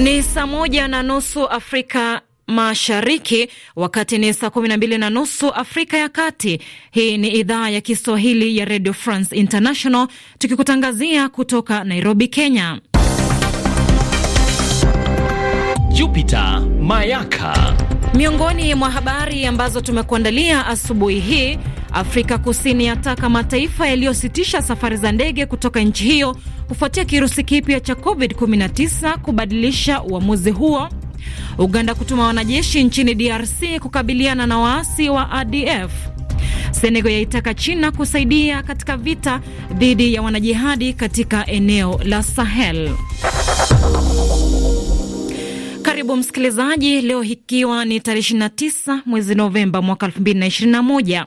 Ni saa moja na nusu Afrika Mashariki, wakati ni saa kumi na mbili na nusu Afrika ya Kati. Hii ni idhaa ya Kiswahili ya Radio France International, tukikutangazia kutoka Nairobi, Kenya. Jupiter Mayaka, miongoni mwa habari ambazo tumekuandalia asubuhi hii Afrika Kusini yataka mataifa yaliyositisha safari za ndege kutoka nchi hiyo kufuatia kirusi kipya cha COVID-19 kubadilisha uamuzi huo. Uganda kutuma wanajeshi nchini DRC kukabiliana na waasi wa ADF. Senegal yaitaka China kusaidia katika vita dhidi ya wanajihadi katika eneo la Sahel. Karibu msikilizaji, leo ikiwa ni tarehe 29 mwezi Novemba mwaka 2021.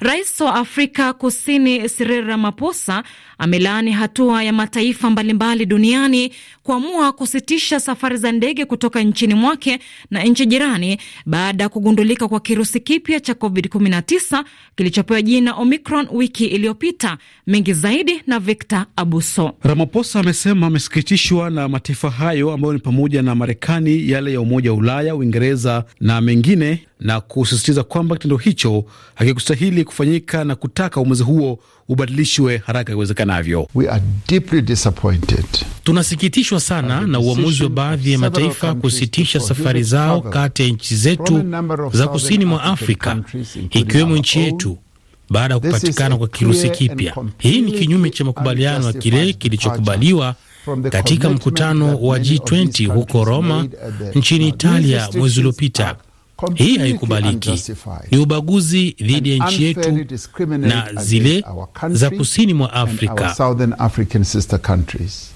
Rais wa Afrika Kusini Cyril Ramaphosa amelaani hatua ya mataifa mbalimbali duniani kuamua kusitisha safari za ndege kutoka nchini mwake na nchi jirani baada ya kugundulika kwa kirusi kipya cha COVID-19 kilichopewa jina Omicron wiki iliyopita. Mengi zaidi na Victor Abuso. Ramaphosa amesema amesikitishwa na mataifa hayo ambayo ni pamoja na Marekani, yale ya Umoja wa Ulaya, Uingereza na mengine, na kusisitiza kwamba kitendo hicho hakikustahili unastahili kufanyika na kutaka uamuzi huo ubadilishwe haraka iwezekanavyo. Tunasikitishwa sana na uamuzi wa baadhi ya mataifa kusitisha safari zao kati ya nchi zetu za kusini mwa Afrika ikiwemo nchi yetu baada ya kupatikana kwa kirusi kipya. Hii ni kinyume cha makubaliano ya kile kilichokubaliwa katika mkutano wa G20 huko Roma nchini Italia mwezi uliopita. Hii haikubaliki, ni ubaguzi dhidi ya nchi yetu na zile za kusini mwa Afrika.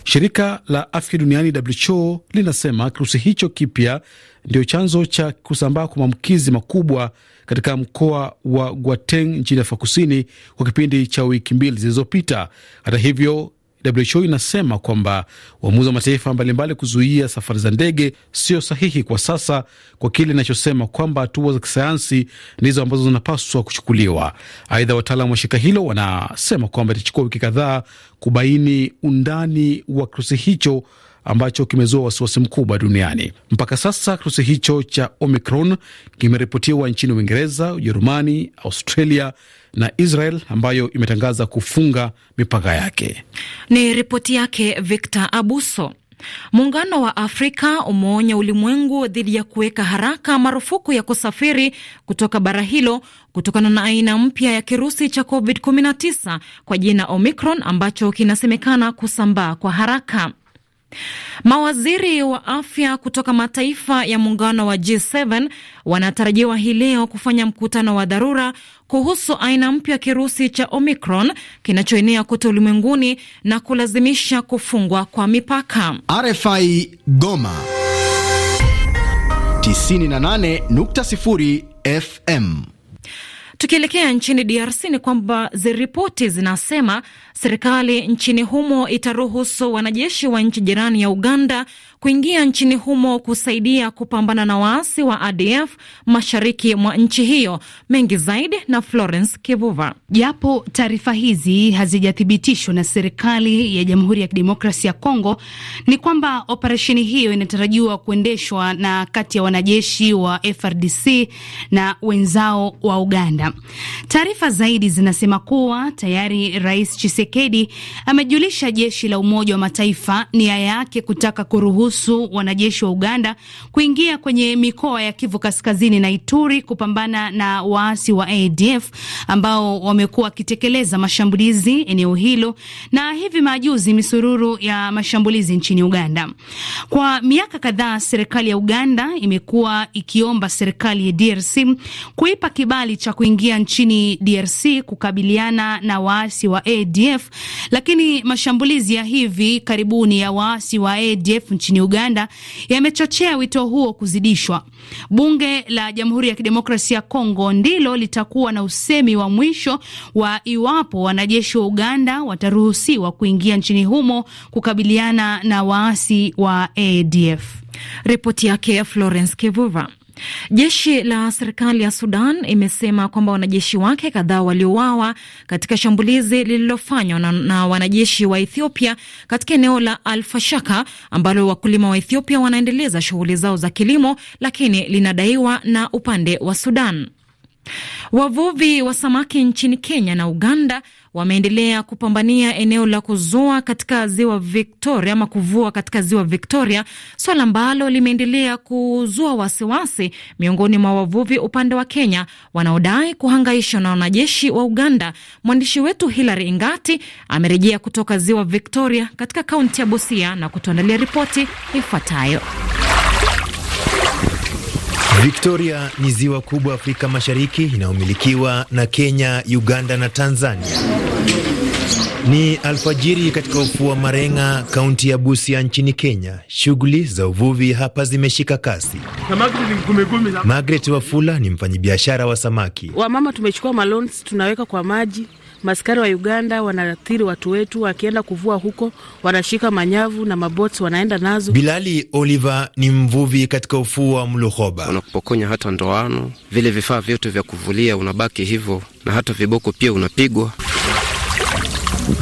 Shirika la Afya Duniani WHO linasema kirusi hicho kipya ndio chanzo cha kusambaa kwa maambukizi makubwa katika mkoa wa Gauteng nchini Afrika Kusini kwa kipindi cha wiki mbili zilizopita. Hata hivyo WHO inasema kwamba uamuzi wa mataifa mbalimbali kuzuia safari za ndege sio sahihi kwa sasa, kwa kile inachosema kwamba hatua za kisayansi ndizo ambazo zinapaswa kuchukuliwa. Aidha, wataalamu wa shirika hilo wanasema kwamba itachukua wiki kadhaa kubaini undani wa kirusi hicho ambacho kimezua wasiwasi mkubwa duniani. Mpaka sasa kirusi hicho cha Omicron kimeripotiwa nchini Uingereza, Ujerumani, Australia na Israel ambayo imetangaza kufunga mipaka yake. Ni ripoti yake Victor Abuso. Muungano wa Afrika umeonya ulimwengu dhidi ya kuweka haraka marufuku ya kusafiri kutoka bara hilo kutokana na aina mpya ya kirusi cha COVID-19 kwa jina Omicron ambacho kinasemekana kusambaa kwa haraka. Mawaziri wa afya kutoka mataifa ya muungano wa G7 wanatarajiwa hii leo kufanya mkutano wa dharura kuhusu aina mpya ya kirusi cha Omicron kinachoenea kote ulimwenguni na kulazimisha kufungwa kwa mipaka. RFI Goma 98.0 FM. Tukielekea nchini DRC ni kwamba ziripoti zinasema Serikali nchini humo itaruhusu wanajeshi wa nchi jirani ya Uganda kuingia nchini humo kusaidia kupambana na waasi wa ADF mashariki mwa nchi hiyo. Mengi zaidi na Florence Kivuva. Japo taarifa hizi hazijathibitishwa na serikali ya Jamhuri ya Kidemokrasia ya Kongo, ni kwamba operesheni hiyo inatarajiwa kuendeshwa na kati ya wanajeshi wa FRDC na wenzao wa Uganda. Taarifa zaidi zinasema kuwa tayari Rais Chise Tshisekedi amejulisha jeshi la Umoja wa Mataifa nia yake kutaka kuruhusu wanajeshi wa Uganda kuingia kwenye mikoa ya Kivu Kaskazini na Ituri kupambana na waasi wa ADF ambao wamekuwa wakitekeleza mashambulizi eneo hilo na hivi majuzi misururu ya mashambulizi nchini Uganda. Kwa miaka kadhaa, serikali ya Uganda imekuwa ikiomba serikali ya DRC kuipa kibali cha kuingia nchini DRC kukabiliana na waasi wa ADF ADF, lakini mashambulizi ya hivi karibuni ya waasi wa ADF nchini Uganda yamechochea wito huo kuzidishwa. Bunge la Jamhuri ya Kidemokrasia ya Kongo ndilo litakuwa na usemi wa mwisho wa iwapo wanajeshi wa Uganda wataruhusiwa kuingia nchini humo kukabiliana na waasi wa ADF. Ripoti yake Florence Kivuva. Jeshi la serikali ya Sudan imesema kwamba wanajeshi wake kadhaa waliowawa katika shambulizi lililofanywa na, na wanajeshi wa Ethiopia katika eneo la Alfashaka ambalo wakulima wa Ethiopia wanaendeleza shughuli zao za kilimo, lakini linadaiwa na upande wa Sudan. Wavuvi wa samaki nchini Kenya na Uganda wameendelea kupambania eneo la kuzoa katika ziwa Victoria ama kuvua katika ziwa Victoria, swala ambalo limeendelea kuzua wasiwasi miongoni mwa wavuvi upande wa Kenya wanaodai kuhangaishwa na wanajeshi wa Uganda. Mwandishi wetu Hilary Ingati amerejea kutoka ziwa Victoria katika kaunti ya Busia na kutuandalia ripoti ifuatayo. Victoria ni ziwa kubwa Afrika Mashariki inayomilikiwa na Kenya, Uganda na Tanzania. Ni alfajiri katika ufuo wa Marenga, kaunti ya Busia nchini Kenya. Shughuli za uvuvi hapa zimeshika kasi. Margaret Wafula ni mfanyabiashara wa samaki. Wamama tumechukua malons, tunaweka kwa maji. Maskari wa Uganda wanaathiri watu wetu, wakienda kuvua huko wanashika manyavu na mabots wanaenda nazo. Bilali Oliver ni mvuvi katika ufuo wa Mluhoba. unakupokonya hata ndoano, vile vifaa vyote vya kuvulia, unabaki hivyo na hata viboko pia unapigwa.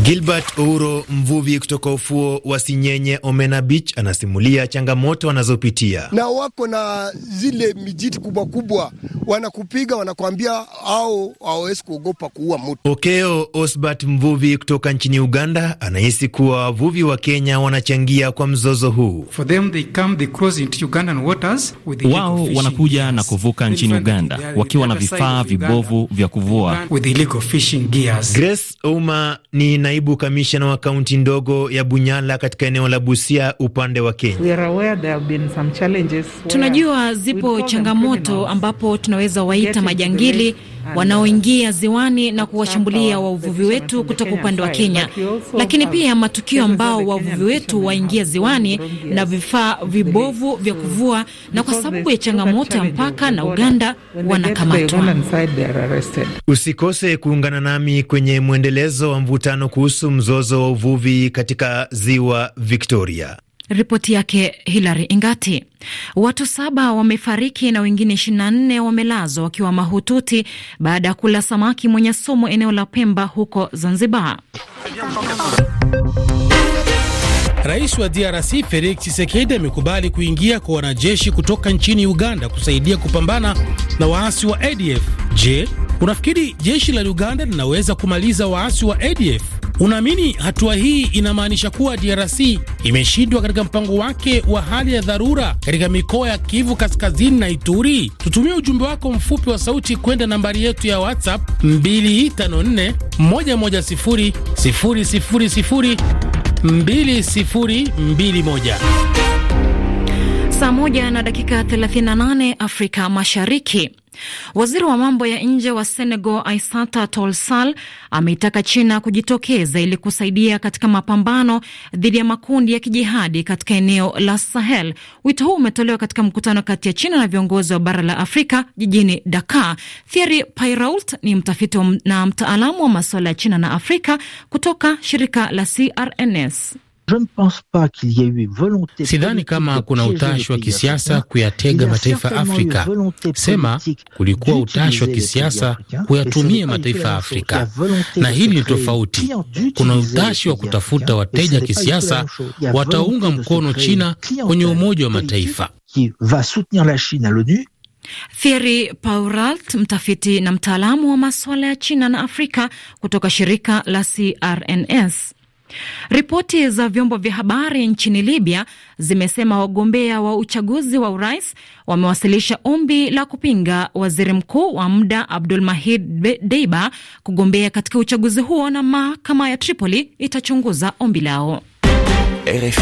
Gilbert Ouro, mvuvi kutoka ufuo wa Sinyenye Omena Beach, anasimulia changamoto wanazopitia. Na wako na zile mijiti kubwa kubwa, wanakupiga wanakuambia au hawawezi kuogopa kuua mtu. Okeo Osbert, mvuvi kutoka nchini Uganda, anahisi kuwa wavuvi wa Kenya wanachangia kwa mzozo huu. Wao wanakuja na kuvuka nchini Uganda wakiwa na vifaa vibovu vya kuvua. Grace Ouma ni naibu kamishna wa kaunti ndogo ya Bunyala katika eneo la Busia upande wa Kenya. Tunajua zipo changamoto ambapo tunaweza waita majangili wanaoingia ziwani na kuwashambulia wavuvi wetu kutoka upande wa Kenya, lakini pia matukio ambao wavuvi wetu waingia ziwani na vifaa vibovu vya mm. kuvua, na kwa sababu ya changamoto ya mpaka na Uganda wanakamatwa. Usikose kuungana nami kwenye mwendelezo wa mvutano kuhusu mzozo wa uvuvi katika ziwa Victoria. Ripoti yake Hilary Ingati. Watu saba wamefariki na wengine 24 wamelazwa wakiwa mahututi baada ya kula samaki mwenye sumu eneo la Pemba huko Zanzibar. Rais wa DRC Felix Tshisekedi amekubali kuingia kwa wanajeshi kutoka nchini Uganda kusaidia kupambana na waasi wa ADF. Je, unafikiri jeshi la Uganda linaweza kumaliza waasi wa ADF? Unaamini hatua hii inamaanisha kuwa DRC imeshindwa katika mpango wake wa hali ya dharura katika mikoa ya Kivu Kaskazini na Ituri? Tutumie ujumbe wako mfupi wa sauti kwenda nambari yetu ya WhatsApp 254 110 000 Saa moja na dakika 38 Afrika Mashariki. Waziri wa mambo ya nje wa Senegal Aissata Tall Sall ameitaka China kujitokeza ili kusaidia katika mapambano dhidi ya makundi ya kijihadi katika eneo la Sahel. Wito huu umetolewa katika mkutano kati ya China na viongozi wa bara la Afrika jijini Dakar. Thierry Pirault ni mtafiti na mtaalamu wa masuala ya China na Afrika kutoka shirika la CRNS. Sidhani kama kuna utashi wa kisiasa kuyatega mataifa Afrika. Sema kulikuwa utashi wa kisiasa kuyatumia mataifa ya Afrika, na hili ni tofauti. Kuna utashi wa kutafuta wateja kisiasa wataunga mkono China kwenye Umoja wa Mataifa. Thierry Pauralt, mtafiti na mtaalamu wa masuala ya China na Afrika kutoka shirika la CRNS. Ripoti za vyombo vya habari nchini Libya zimesema wagombea wa uchaguzi wa urais wamewasilisha ombi la kupinga waziri mkuu wa muda Abdul Mahid Deiba kugombea katika uchaguzi huo na mahakama ya Tripoli itachunguza ombi lao. RFI.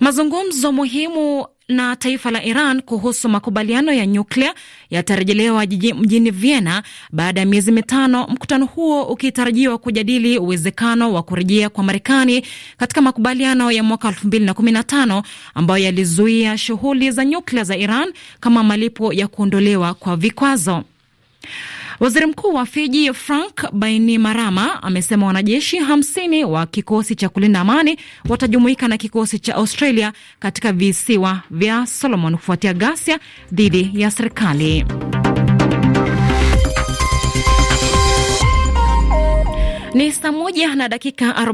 Mazungumzo muhimu na taifa la Iran kuhusu makubaliano ya nyuklia yatarejelewa mjini Vienna baada ya miezi mitano, mkutano huo ukitarajiwa kujadili uwezekano wa kurejea kwa Marekani katika makubaliano ya mwaka 2015 ambayo yalizuia shughuli za nyuklia za Iran kama malipo ya kuondolewa kwa vikwazo. Waziri Mkuu wa Fiji Frank Bainimarama amesema wanajeshi hamsini wa kikosi cha kulinda amani watajumuika na kikosi cha Australia katika visiwa vya Solomon kufuatia ghasia dhidi ya serikali. Ni saa moja na dakika